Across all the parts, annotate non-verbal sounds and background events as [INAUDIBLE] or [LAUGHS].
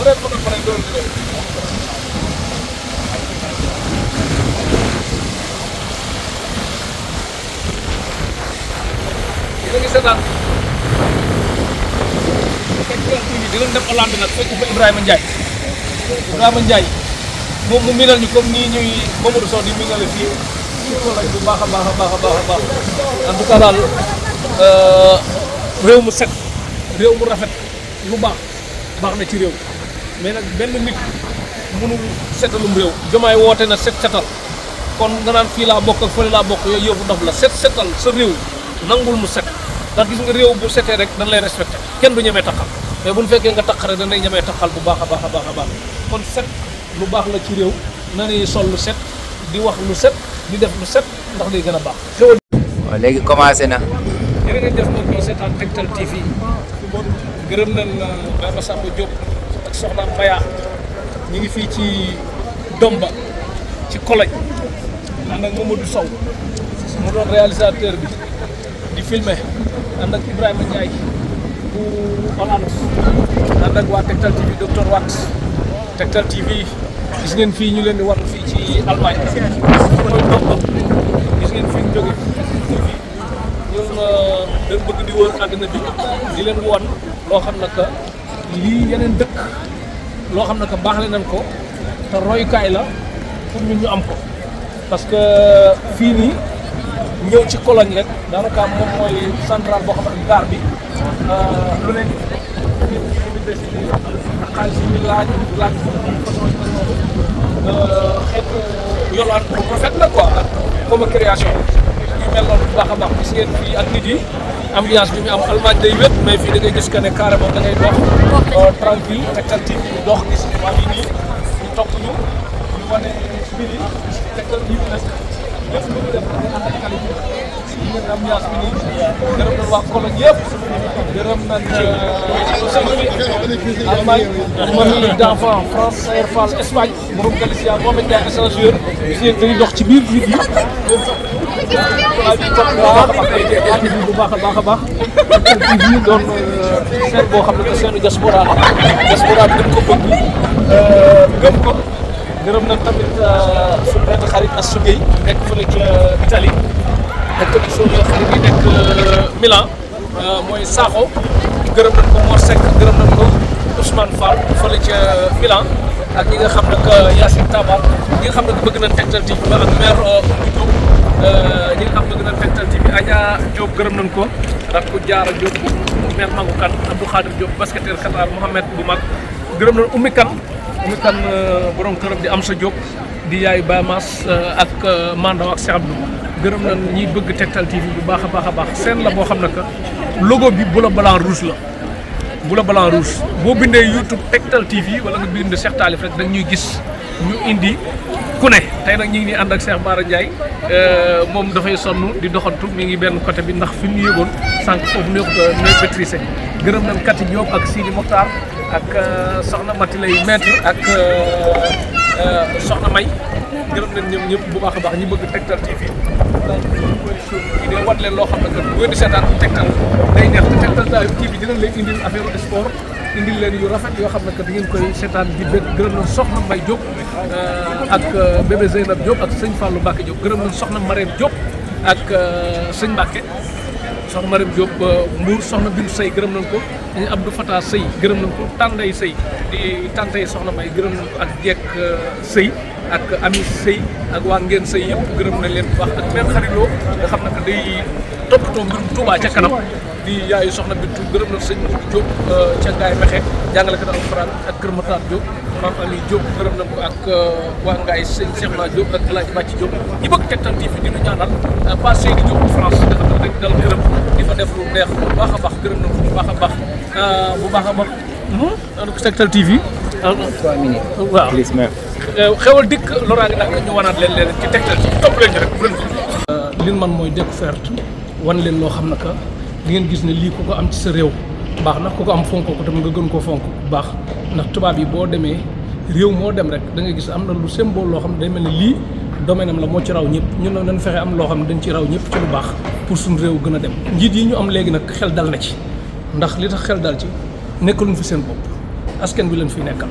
ഒരേ പണം പറയുന്നത് yéen a ngi seetaan Tektal TV di leen dem Hollande nag fekk fa Ibrahima Ndiaye Ibrahima Ndiaye moom mu miinal ñu comme nii ñuy Mamadou Sow di miinale fii fii bu baax a baax a baax a baax a baax en tout cas daal réew mu set réew mu rafet lu baax. baax na ci réew mais nag benn nit mënul setalum réew jomaay woote na set setal kon nga naan fii laa bokk ak fële laa bokk yooyu yëfu dof la set setal sa réew nangul mu set ndax gis nga réew bu setee rek dañ lay respecté kenn du ñemee taxal mais bu ñu fekkee nga tax rek dañ lay ñemee taxal bu baax a baax a baax a baax kon set lu baax la ci réew na ñuy sol lu set di wax lu set di def lu set ndax day gën a baax. waaw léegi commencé na. jërë ngeen def mbokk yi seetaan gërëm nañ Ibrahima Samba Diop ak Soxna Maya ñi ngi fii ci Domba ci Cologne ànd ak Mamadou Sow mu doon réalisateur bi di filmé ànd ak Ibrahima Ndiaye bu Olanus ànd ak waa Tektal TV docteur ngeen fii ñu leen di war fii ci Allemagne mooy fii ñu jóge ñëw na dañ bëgg di wër àddina bi di leen won loo xam na que lii yeneen dëkk loo xam ne que baax le nañ ko te royukaay la pour ñu ñu am ko parce que fii nii ñëw ci Cologne rek daanaka moom mooy central boo xam ne euh, euh, comme création ñu mel noonu bu baax a baax gis ngeen fii ak nit yi ambiance bi mu am Allemagne day wét mais fii da ngay gis que ne carrément da ngay dox tranquille tegtal bi dox gis waa yi nii ñu topp ñu ñu wane spirit tegtal bi ñu def lépp lu ñu def da ngay ànd ak qualité ngeen am yaas bi nii gërëm nañ waa Cologne yëpp gërëm nañ aussi Allemagne famille d'enfants France Sayer Fall Espagne moom Galicia Mohamed Ndiaye échangeur ñi dañuy dox ci biir nit yi bi topp baax bi bu baax a baax a baax ñu doon seen boo xam ne que seenu diaspora la diaspora bi dañ ko bëgg gëm ko gërëm nañ tamit euh, suñu benn xarit Assou Gueye nekk fële ca Italie ak suñu xarit bi Milan euh, mooy Sakho gërëm nañ ko Mor gërëm nañ ko Ousmane Fall fële ca euh, Milan ak ñi nga xam ne que euh, Yacine Tabar ñi nga xam ne que bëgg nañ Tektal TV ba ak maire Oumou Diop ñi nga xam ne bëgg nañ Tektal TV Adja Diop gërëm nañ ko rakku Diarra Diop maire Mangou Kane Abdou Khadir Diop basketteur Qatar Mohamed bu mag gërëm nañ Oumy Kane Oumy Kane borom këram di Amsa Diop di yaay Bamas ak Mandaw ak Cheikh Abdou gërëm na ñiy bëgg Tektal TV bu baax a baax a baax seen la boo xam ne que logo bi bu la blanc rouge la bu la blanc rouge boo bindee YouTube Tektal TV wala nga bind Cheikh Talif rek dañ ñuy gis ñu indi ku ne tey nag ñu ngi ànd ak seex Bara Ndiaye euh, moom dafay sonn di doxantu mi ngi benn côté bi ndax fi mu yëgoon sànq foofu néew néew maîtrisé gërëm nañ Kati Diop ak Sidi Mokhtar ak euh, soxna Mati lay maître ak. Euh, Euh, soxna May gërëm leen ñoom ñëpp bu baax a baax ñi bëgg Tektal TV di wat leen loo xam na bu ngeen di seetaan Tektal day neex te Tektal TV dinañ leen indil affaire sport indil leen yu rafet yoo xam ne que da ngeen koy seetaan di bëgg gërëm leen soxna May Diop euh, ak euh, bébé Zeynab Diop ak sëñ Fallou Mbacke Diop gërëm leen soxna Marème Diop ak sëñ Mbacke soxna Mariam Diop euh, Mbour soxna Bintu Sey gërëm nañ ko Abdou Fatah Sey gërëm nañ ko Tànday Sey di Tàntay soxna May gërëm nañ ko ak Jekk euh, Sey ak Ami sëy ak waa Ngeen Sey yëpp gërëm nañ leen bu baax ak benn xariloo nga xam ne day toppatoo mbirum Touba ca kanam di yaayu soxna Bintu gërëm na sëñ Diop euh, ca Ngaye Mexe jàngalekat alxuraan ak Kër Matar Diop Mame Aliou Diop gërëm na ko ak euh, waa Ngaye sëñ Cheikh Na Diop ak El Hadj Bàcc Diop ñi bëgg Tektal TV di ñu ñaanal euh, Pa Seydi Diop France nga xam ne rek dal gërëm di fa def lu neex bu baax a baax gërëm na ko bu baax a baax bu baax a baax donc hmm? Tektal TV ah, ah. trois minutes waaw xewal dikk loraa ngi nag ñu wanaat leen leen ci Tektal TV topp leen rek bu leen li man mooy découverte wan leen loo xam ne di ngeen gis ne lii ko ko am ci sa réew baax ndax ku ko am fonk ko tam nga gën ko fonk baax ndax tubaab yi boo demee réew moo dem rek da nga gis am na lu semboo loo xam ne day mel ni lii domaine am la moo ci raw ñëpp ñun ne nañ fexe am loo xam ne dañ ci ñëpp lu baax pour suñu gën a dem njiit yi ñu am léegi nag xel dal na ci ndax li tax xel dal ci nekkaluñ fi seen bopp askan bi lañ fi nekkal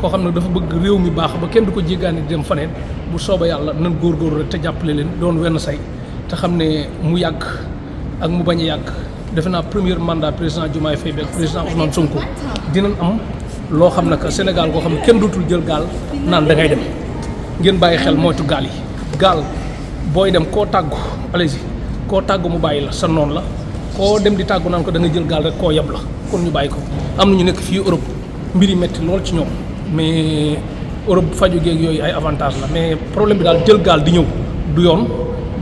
koo xam ne dafa bëgg réew mi baax ba kenn du ko jéggaani dem faneen bu sooba yàlla nan góor rek te jàppale leen doon wenn say te xam ne mu yàgg ak mu bañ a yàgg defe naa premier mandat président Diomaye Faye beeg président Ousmane Sonko dinañ am loo xam ne que Sénégal koo xam ne kenn dootul jël gaal naan da ngay dem ngeen bàyyi xel moytu gaal yi. gaal booy dem koo tàggu allez-y koo tàggu mu bàyyi la sa noon la koo dem di tàggu naan ko da jël gaal rek koo yeb la kon ñu bàyyi ko. am na ñu nekk fii Europe mbir yi métti lool ci ñoom mais Europe faju geeg yooyu ay avantage la mais problème bi daal jël gaal di ñëw du yoon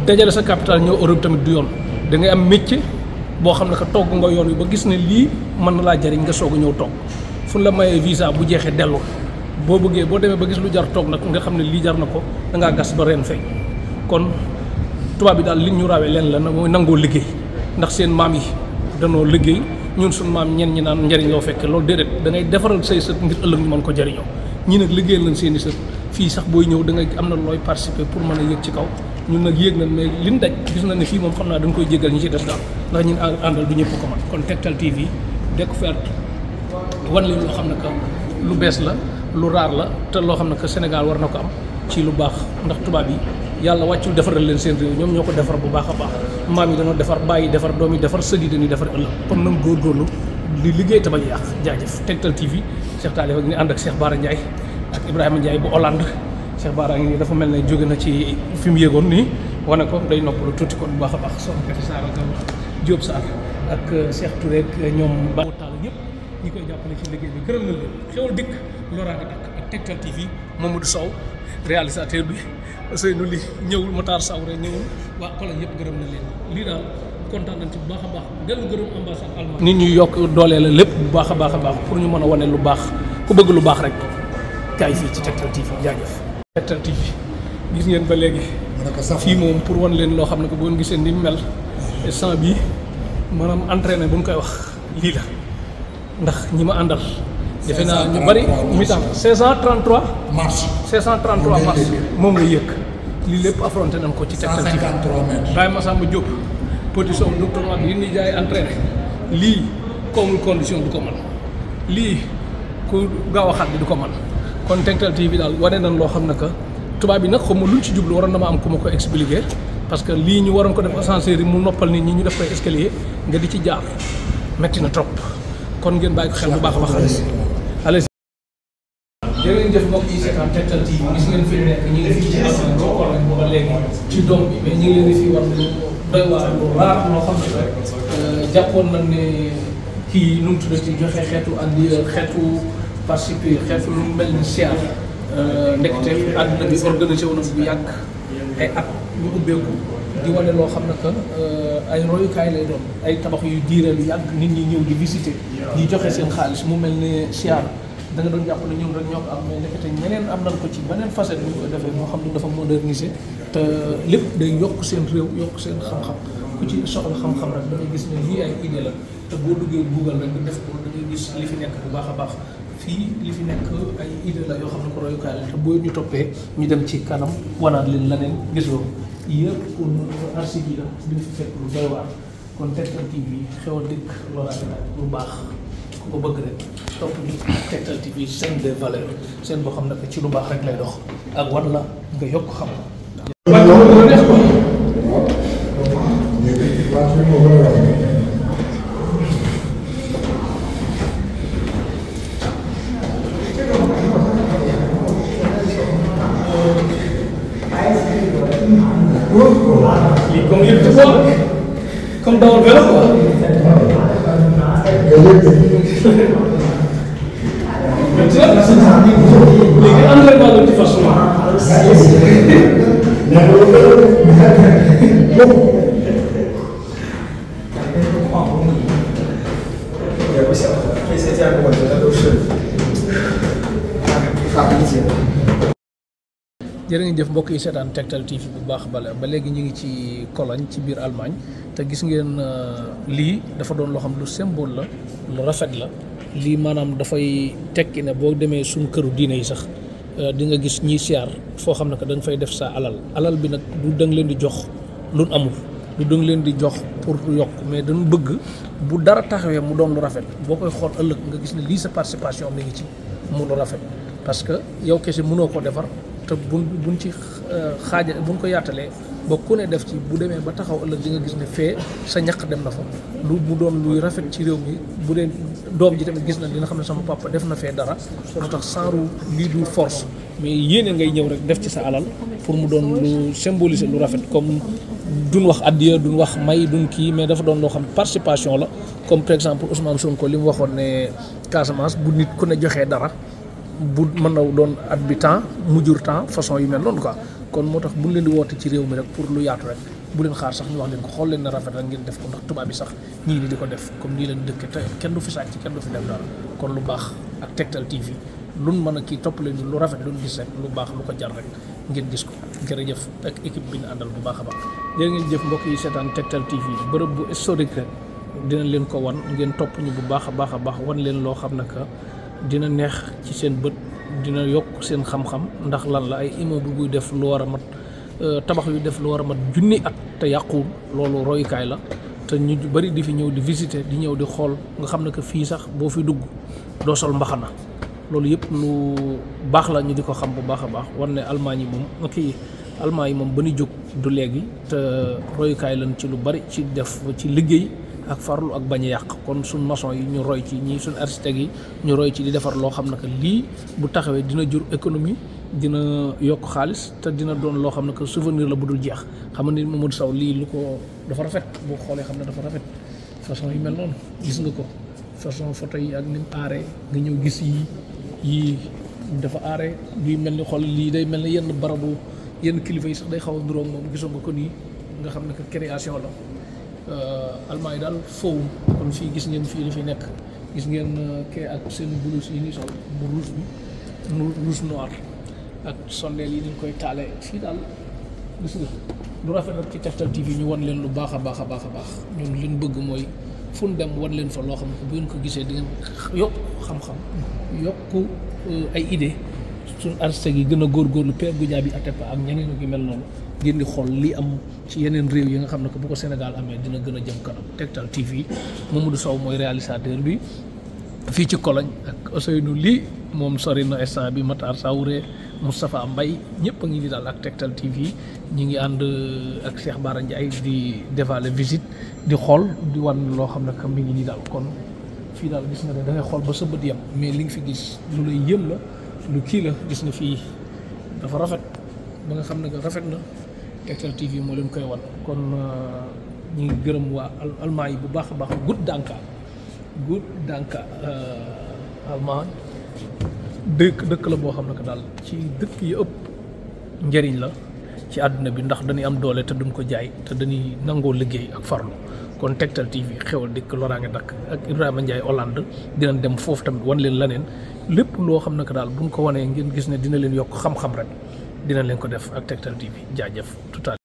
dajale sa capital ñëw Europe tamit du yoon da ngay am métier. boo xam ne que togg nga yoon wi ba gis ne lii mën na laa jariñ nga soog a ñëw toog fu la mayee visa bu jeexee dellu boo bëggee boo demee ba gis lu jar toog nag nga xam ne lii jar na ko da ngaa gas ba ren fey kon tubaab bi daal li ñu rawee leen la mooy nangoo liggéey ndax seen maam yi danoo liggéey ñun suñu maam ñen ñi naan njariñ loo fekkee loolu déedéet dangay ngay defaral say sët ngir ëllëg ñu mën ko jëriñoo ñii nag liggéey lañ seen i sët fii sax booy ñëw da ngay am na looy participer pour mën a yëg ci kaw ñun nag yéeg nañ mais liñ daj gis nañ ne fii moom xam naa dañ koy jéggal ñi ci des daal ndax ñun àndal du ñëpp ko man kon Tektal TV découverte wan leen loo xam ne que lu bees la lu raar la te loo xam ne que Sénégal war na ko am ci lu baax ndax tubaab yi yàlla wàccul defaral leen seen ñoom ñoo ko defar bu baax a baax maam yi dañoo defar bàyyi defar doom yi defar sëdi dañuy defar ëllëg kon nag góorgóorlu li liggéey te bañ a yàq jaajëf Tektal TV Cheikh Talif ànd ak Cheikh Bara Ndiaye ak Ibrahima Ndiaye bu Hollande Cheikh Bara ngi nii dafa mel ne jóge na ci fi mu yéegoon nii wane ko day noppalu tuuti ko bu baax a baax soxna Kati Sarr ak Diop Sarr ak Cheikh ñoom Ba Tall ñëpp ñi koy jàppale ci liggéey bi gërëm na leen xewal dikk loraa nga dakk ak Tektal TV Mamadou Sow réalisateur bi Ousseynou Ly ñëwul Matar Sawre ñëwul waa yëpp gërëm na leen lii daal kontaan nañ ci bu baax a baax dellu gërëm nit ñuy yokk dooleel la lépp bu baax a baax a baax pour ñu mën a wane lu baax ku bëgg lu baax rek kaay fii ci Tektal TV jaajëf Tektal TV gis ngeen ba léegi. fii moom pour wan leen loo xam ne ko que boo gisee ni mel. instant bii maanaam entraîné bu ñu koy wax lii la ndax ñi ma àndal. defe naa ñu bari mi-temps 533. mars 533 mars moom nga yëg lii lépp affronté nañ ko ci Tektal TV. 153 mètres Baye Massamba Diop. Petit Sow docteur Wade yi ñuy jaay entraîné lii koomul condition du ko man lii ku gaaw a xat bi du ko man kon Tektal TV daal wane nañ loo xam ne que tubaab yi nag xam ma luñ ci jublu waroon na ma am ku ma ko expliquer parce que lii ñu waroon ko def ascenseur yi mu noppal nii ñi ñu def koy escalier nga di ci jaar metti na trop kon ngeen bàyyi ko xel bu baax a baax. allez. jërëjëf mbokk yi seetaan Tektal TV ngeen fi nekk ñu ngi ci askan ba léegi ci doom bi mais ñu ngi leen di fi war lu doy euh, ne kii nu mu tuddati joxe xeetu andi xeetu. participer xeetu lu mel ni siyaar euh, ndekete àdduna bi organisé wu na bu yàgg ay at ñu ubbeeku di wane loo xam ne que euh, ay royukaay lay doon ay tabax yu diire lu yàgg nit ñi ñëw di visiter di joxe seen xaalis mu mel ne siyaar da nga doon jàpp ne ñoom rek ñoo am mais ndekete ñeneen am nañ ko ci beneen facette bu defee moo xam ne dafa moderniser te lépp day yokk seen réew yokk seen xam-xam ku ci soxla xam-xam rek da ngay gis ne lii ay idée la te boo duggee Google rek def ko da gis li fi nekk bu baax a baax fii li fi nekk ay idée la yoo xam ne ko royukaay la te boo ñu toppee ñu dem ci kanam wanaat leen leneen gisoo yëpp pour archive yi la duñ fi fekk lu doy waar kon Tektal TV xew a dëkk loolu lu baax ku ko bëgg rek topp ñu Tektal TV chaîne des valeurs seen boo xam ne ci lu baax rek lay dox ak wan la nga yokk xam léegi entraînement de motivation [LAUGHS] mbokk yi seetaan Tektal TV bu baax bale ba léegi ñu ngi ci Cologne ci biir Allemagne te gis ngeen euh, lii dafa doon loo xam lu symbole la lu rafet la lii maanaam dafay tekki ne boo demee suñu këru diine yi sax euh, di nga gis ñiy siyaar foo xam ne que da fay def sa alal alal bi nag du dëng leen di jox luñ amul du da leen di jox pour yokk mais dañu bëgg bu dara taxawee mu doon lu rafet boo koy xool ëllëg nga gis ne lii sa participation mi ngi ci mu lu rafet parce que yow kese mënoo ko defar te bu buñ ci euh, xaaja buñ ko yaatalee ba ku ne def ci bu demee ba taxaw ëllëg di nga gis ne fee sa ñaq dem na fa lu mu doon luy rafet ci réew mi bu dee doom ji tamit gis na dina xam ne sama papa def na fee dara moo tax sanru lii du force mais yéene ngay ñëw rek def ci sa alal pour mu doon lu symboliser lu rafet comme dun wax addiya duñ wax may duñ kii mais dafa doon loo xam participation la comme par exemple Ousmane ko li mu waxoon ne Casamance bu nit ku ne joxee dara bu mën na doon at bi temps mu jur temps façon yu mel noonu quoi kon moo tax bu ñu leen di woote ci réew mi rek pour lu yaatu rek bu leen xaar sax ñu wax leen ko xool leen na rafet rek ngeen def ko ndax tubaab bi sax ñii ni di ko def comme nii leen dëkke te kenn du fi sàcc ci kenn du fi def dara kon lu baax ak Tektal TV lu mën a kii topp leen lu rafet luñ gis rek lu baax lu ko jar rek ngeen gis ko jërëjëf ak équipe bi ñu àndal bu baax a baax jërë ngeen jëf mbokk yi seetaan Tektal TV bërëb bu historique rek dinañ leen ko wan ngeen topp ñu bu baax a baax a baax wan leen loo xam ne dina neex ci seen bët dina yokk seen xam-xam ndax lan la ay imo buy def lu war a mat euh, tabax yu def lu war a mat junni at te yàquwul loolu royukaay la te ñu bari di fi ñëw di visiter di ñëw di xool nga xam ne que fii sax boo fi dugg doo sol mbaxana loolu yëpp lu baax la ñu di ko xam bu baax a baax war ne almaañ yi moom kii almaañ yi moom ba ñu jóg du léegi te royukaay lañ ci lu bari ci def ci liggéey. ak farlu ak bañ yàq kon suñ maçon yi ñu roy ci ñii suñ architecte yi ñu roy ci li defar loo xam ne que lii bu taxawee dina jur économie dina yokk xaalis te dina doon loo xam ne que souvenir la bu dul jeex xam ni Mamadou Sow lii lu ko dafa rafet boo xoolee xam ne dafa rafet façon yi mel noonu gis nga ko façon photo yi ak ni mu aaree nga ñëw gis yi yi dafa aaree luy mel ni xool lii day mel ni yenn barabu yenn kilifa yi sax day xaw a nduróog moom gisoo nga ko nii nga xam ne que création la Euh, almaa yi daal foowu kon fi gis ngeen fii li fi nekk gis ngeen euh, k ak seen blouse yi ñuy sol bu rouge bi rouge noir ak sondeel yi niñ koy taalee fii daal gis nga lu rafet nag ci Tektal TV ñu wan leen lu baax a baax a baax a baax ñun liñ bëgg mooy fu dem wan leen fa loo xam ne bu ko gisee di ngeen yokk xam yokk euh, ay idée suñ artiste yi gën a góorgóorlu Père Goudiaby Atépa ak ñeneen ñu mel noonu ngeen di xool li am ci yeneen réew yi nga xam ne que bu ko Sénégal amee dina gën a jëm kanam Tektal TV Mamadou Sow mooy réalisateur bi fii ci Cologne ak Ousseynou Ly moom sori na instant bi Matar Sawure Moustapha Mbaye ñëpp a ngi ni daal ak Tektal TV ñi ngi ànd uh, ak Cheikh Bara Ndiaye di dévaler visite di xool di wan loo xam ne que mi ngi ni daal kon fii daal gis nga ne da ngay xool ba sa bët yem mais li nga fi gis lu lay yëm la lu kii la gis nga fii dafa rafet ba nga xam ne que rafet na Tektal TV moo leen koy wan kon euh, ñu ngi gërëm waa almaa yi bu baax a baax gut dànka gut dànka euh, almaa dëkk dëkk la boo xam ne que daal ci dëkk yi ëpp njëriñ la ci àdduna bi ndax dañuy am doole te duñ ko jaay te dañuy nangoo liggéey ak farlu kon Tektal TV xewal dëkk loraange dakk ak Ibrahima Ndiaye Hollande dinañ dem foofu tamit wan leen leneen lépp loo xam ne ko daal bu buñ ko wanee ngeen gis ne dina leen yokk xam-xam rek dina leen ko def ak Tektal TV jaajëf tout à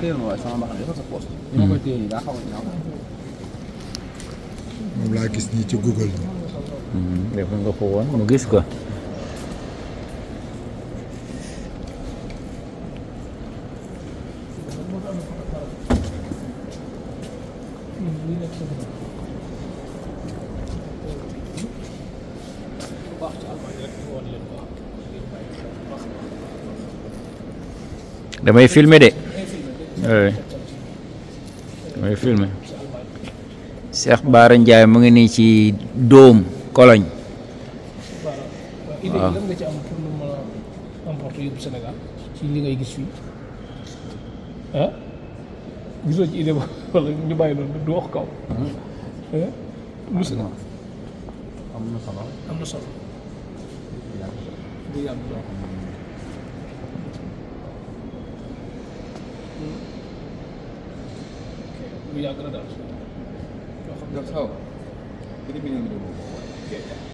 téyoon waaye gis nii ci Google bi. Mm-hmm. def nga ko woon mu gis de oui mooy filmé. Cheikh Baara Ndiaye mu ngi nii ci Dóom Cologne. waaw lan Sénégal ci li ngay gis fii gisoo ci idée ba wala ñu bàyyi noonu du wax kaw. bu yàgg la daal. yoo xam ne